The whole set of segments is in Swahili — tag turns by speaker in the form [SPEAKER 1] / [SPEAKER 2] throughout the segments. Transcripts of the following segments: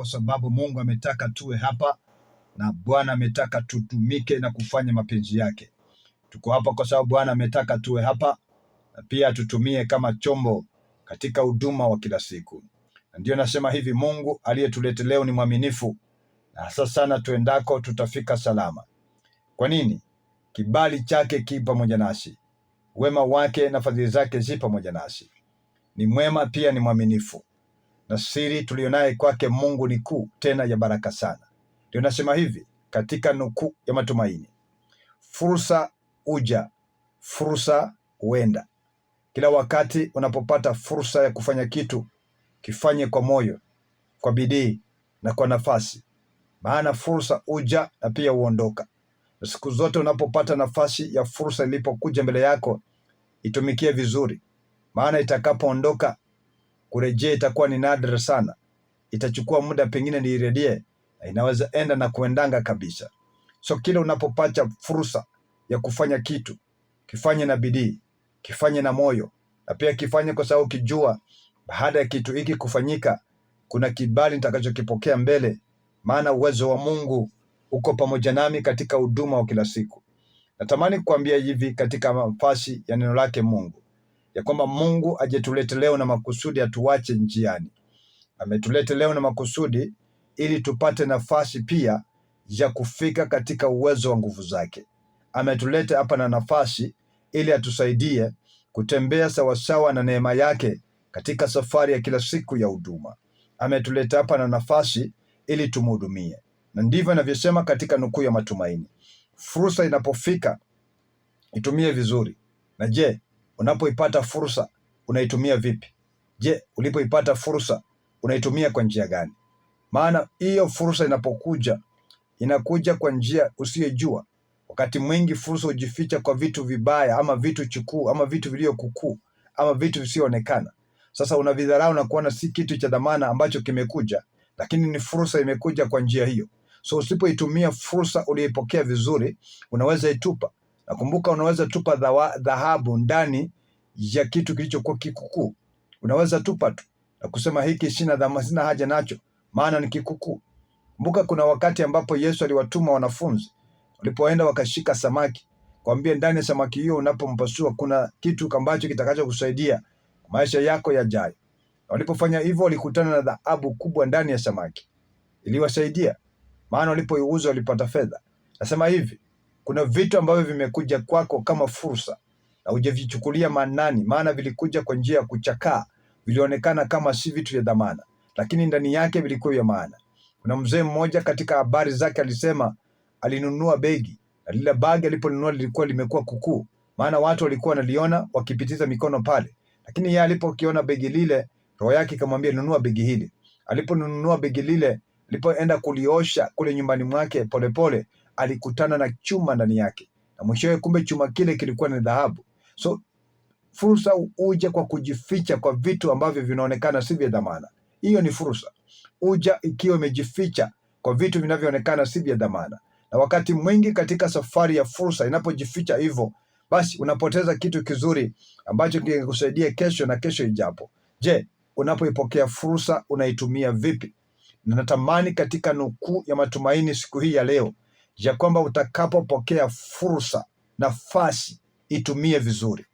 [SPEAKER 1] kwa sababu Mungu ametaka tuwe hapa na Bwana ametaka tutumike na kufanya mapenzi yake. Tuko hapa kwa sababu Bwana ametaka tuwe hapa na pia tutumie kama chombo katika huduma wa kila siku. ndio nasema hivi, Mungu aliyetuleta leo ni mwaminifu, na hasa sana tuendako tutafika salama. Kwa nini? Kibali chake ki pamoja nasi, wema wake na fadhili zake zi pamoja nasi. Ni mwema pia ni mwaminifu na siri tuliyonaye kwake Mungu ni kuu tena ya baraka sana. Ndio nasema hivi katika nukuu ya matumaini, fursa uja, fursa huenda. Kila wakati unapopata fursa ya kufanya kitu, kifanye kwa moyo, kwa bidii na kwa nafasi, maana fursa uja na pia huondoka. Na siku zote unapopata nafasi ya fursa ilipokuja mbele yako, itumikie vizuri, maana itakapoondoka kurejea itakuwa ni nadra sana, itachukua muda pengine niirejee, na inaweza enda na kuendanga kabisa. So kila unapopata fursa ya kufanya kitu kifanye na bidii, kifanye na moyo, na pia kifanye kwa sababu kijua baada ya kitu hiki kufanyika kuna kibali nitakachokipokea mbele, maana uwezo wa Mungu uko pamoja nami katika huduma wa kila siku. Natamani kuambia hivi katika nafasi ya neno lake Mungu ya kwamba Mungu ajetulete leo na makusudi atuache njiani. Ametulete leo na makusudi ili tupate nafasi pia ya kufika katika uwezo wa nguvu zake. Ametulete hapa na nafasi ili atusaidie kutembea sawasawa na neema yake katika safari ya kila siku ya huduma. Ametuleta hapa na nafasi ili tumhudumie, na ndivyo anavyosema katika nukuu ya matumaini. Fursa inapofika itumie vizuri. Na je, Unapoipata fursa unaitumia vipi? Je, ulipoipata fursa unaitumia kwa njia gani? Maana hiyo fursa inapokuja inakuja kwa njia usiyojua. Wakati mwingi fursa hujificha kwa vitu vibaya ama vitu chukuu ama vitu vilivyokukuu ama vitu visioonekana. Sasa unavidharau na kuona si kitu cha dhamana ambacho kimekuja, lakini ni fursa imekuja kwa njia hiyo. So usipoitumia fursa uliyoipokea vizuri, unaweza itupa Nakumbuka unaweza tupa dhahabu ndani ya kitu kilichokuwa kikukuu. Unaweza tupa tu na kusema hiki sina, dhamana, sina haja nacho, maana ni kikukuu. Kumbuka, kuna wakati ambapo Yesu aliwatuma wanafunzi, walipoenda wakashika samaki, kwambie ndani ya samaki hiyo unapompasua kuna kitu ambacho kitakacho kusaidia maisha yako yajayo. Walipofanya hivyo, walikutana na dhahabu kubwa ndani ya samaki, iliwasaidia maana walipoiuza walipata fedha. Nasema hivi kuna vitu ambavyo vimekuja kwako kama fursa na hujavichukulia maanani, maana vilikuja kwa njia ya kuchakaa, vilionekana kama si vitu vya dhamana, lakini ndani yake vilikuwa vya maana. Kuna mzee mmoja katika habari zake alisema alinunua begi na lile bagi aliponunua lilikuwa limekuwa kukuu, maana watu walikuwa wanaliona wakipitiza mikono pale, lakini yeye alipokiona begi lile, roho yake ikamwambia nunua begi hili. Aliponunua begi lile, alipoenda kuliosha kule nyumbani mwake polepole, alikutana na chuma ndani yake, na mwishowe, kumbe chuma kile kilikuwa ni dhahabu. So fursa huja kwa kujificha kwa vitu ambavyo vinaonekana si vya dhamana. Hiyo ni fursa, huja ikiwa imejificha kwa vitu vinavyoonekana si vya dhamana. Na wakati mwingi katika safari ya fursa inapojificha hivyo, basi unapoteza kitu kizuri ambacho kingekusaidia kesho na kesho ijapo. Je, unapoipokea fursa unaitumia vipi? Na natamani katika nukuu ya matumaini siku hii ya leo ya kwamba utakapopokea fursa, nafasi itumie vizuri.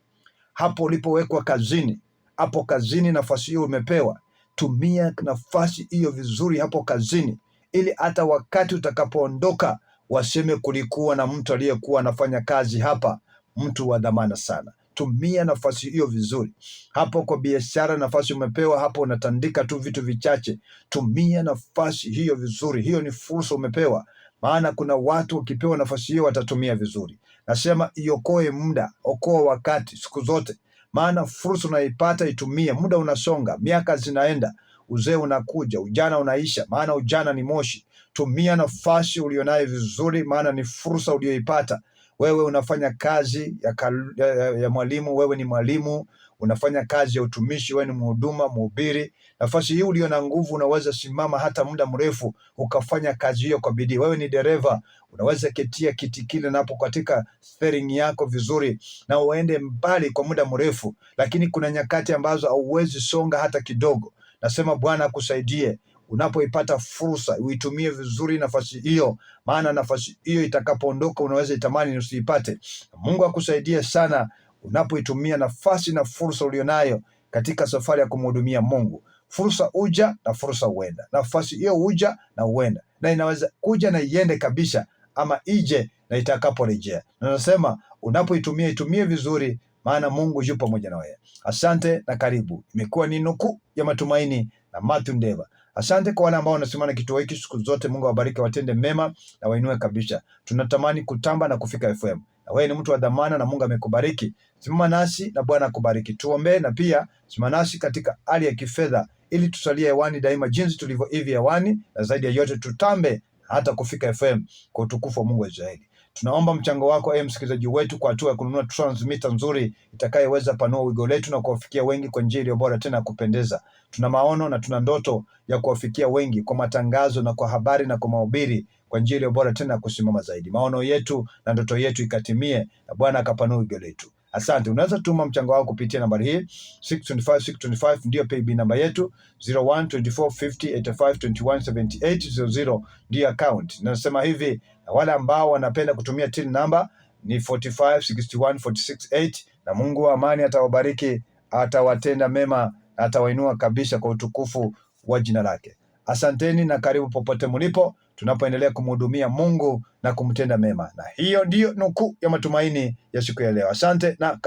[SPEAKER 1] Hapo ulipowekwa kazini, hapo kazini, nafasi hiyo umepewa, tumia nafasi hiyo vizuri hapo kazini, ili hata wakati utakapoondoka waseme kulikuwa na mtu aliyekuwa anafanya kazi hapa, mtu wa dhamana sana. Tumia nafasi hiyo vizuri. Hapo kwa biashara, nafasi umepewa hapo, unatandika tu vitu vichache, tumia nafasi hiyo vizuri. Hiyo ni fursa umepewa maana kuna watu wakipewa nafasi hiyo watatumia vizuri. Nasema iokoe muda, okoa wakati siku zote, maana fursa unaipata itumie. Muda unasonga, miaka zinaenda, uzee unakuja, ujana unaisha, maana ujana ni moshi. Tumia nafasi ulionayo vizuri, maana ni fursa uliyoipata. Wewe unafanya kazi ya, ya, ya, ya mwalimu, wewe ni mwalimu unafanya kazi ya utumishi, wewe ni mhuduma, mhubiri. Nafasi hii ulio na nguvu, unaweza simama hata muda mrefu ukafanya kazi hiyo kwa bidii. Wewe ni dereva, unaweza ketia kiti kile napo katika steering yako vizuri, na uende mbali kwa muda mrefu, lakini kuna nyakati ambazo hauwezi songa hata kidogo. Nasema Bwana akusaidie unapoipata fursa uitumie vizuri nafasi hiyo, maana nafasi hiyo itakapoondoka unaweza itamani usiipate. Mungu akusaidie sana unapoitumia nafasi na fursa ulionayo katika safari ya kumhudumia Mungu. Fursa uja na fursa huenda, nafasi hiyo uja na huenda, na inaweza kuja na iende kabisa, ama ije na itakaporejea. Na nasema unapoitumia itumie vizuri, maana Mungu yupo pamoja na wewe. Asante na karibu. Imekuwa ni nukuu ya matumaini na Mathew Ndeva. Asante kwa wale ambao wanasimama na kituo hiki siku zote. Mungu awabariki, watende mema na wainue kabisa. Tunatamani kutamba na kufika FM na wewe ni mtu wa dhamana na Mungu amekubariki. Simama nasi na Bwana akubariki. Tuombe na pia simama nasi katika hali ya kifedha ili tusalie hewani daima jinsi tulivyo hivi hewani, na zaidi ya yote tutambe hata kufika FM kwa utukufu wa Mungu wa Israeli. Tunaomba mchango wako e, msikilizaji wetu kwa hatua ya kununua transmitter nzuri itakayeweza panua wigo letu na kuwafikia wengi kwa njia iliyo bora tena ya kupendeza. Tuna maono na tuna ndoto ya kuwafikia wengi kwa matangazo na kwa habari na kwa mahubiri kwa njia iliyo bora tena kusimama zaidi. Maono yetu na ndoto yetu ikatimie na Bwana akapanua wigo letu. Asante. Unaweza tuma mchango wako kupitia nambari hii 625 625, ndiyo payb namba yetu 0124508521780 ndio account. Nasema hivi na wale ambao wanapenda kutumia till namba ni 4561468 na Mungu wa amani atawabariki, atawatenda mema, atawainua kabisa kwa utukufu wa jina lake. Asanteni na karibu popote mlipo, tunapoendelea kumhudumia Mungu na kumtenda mema, na hiyo ndiyo nukuu ya matumaini ya siku ya leo. Asante na karibu.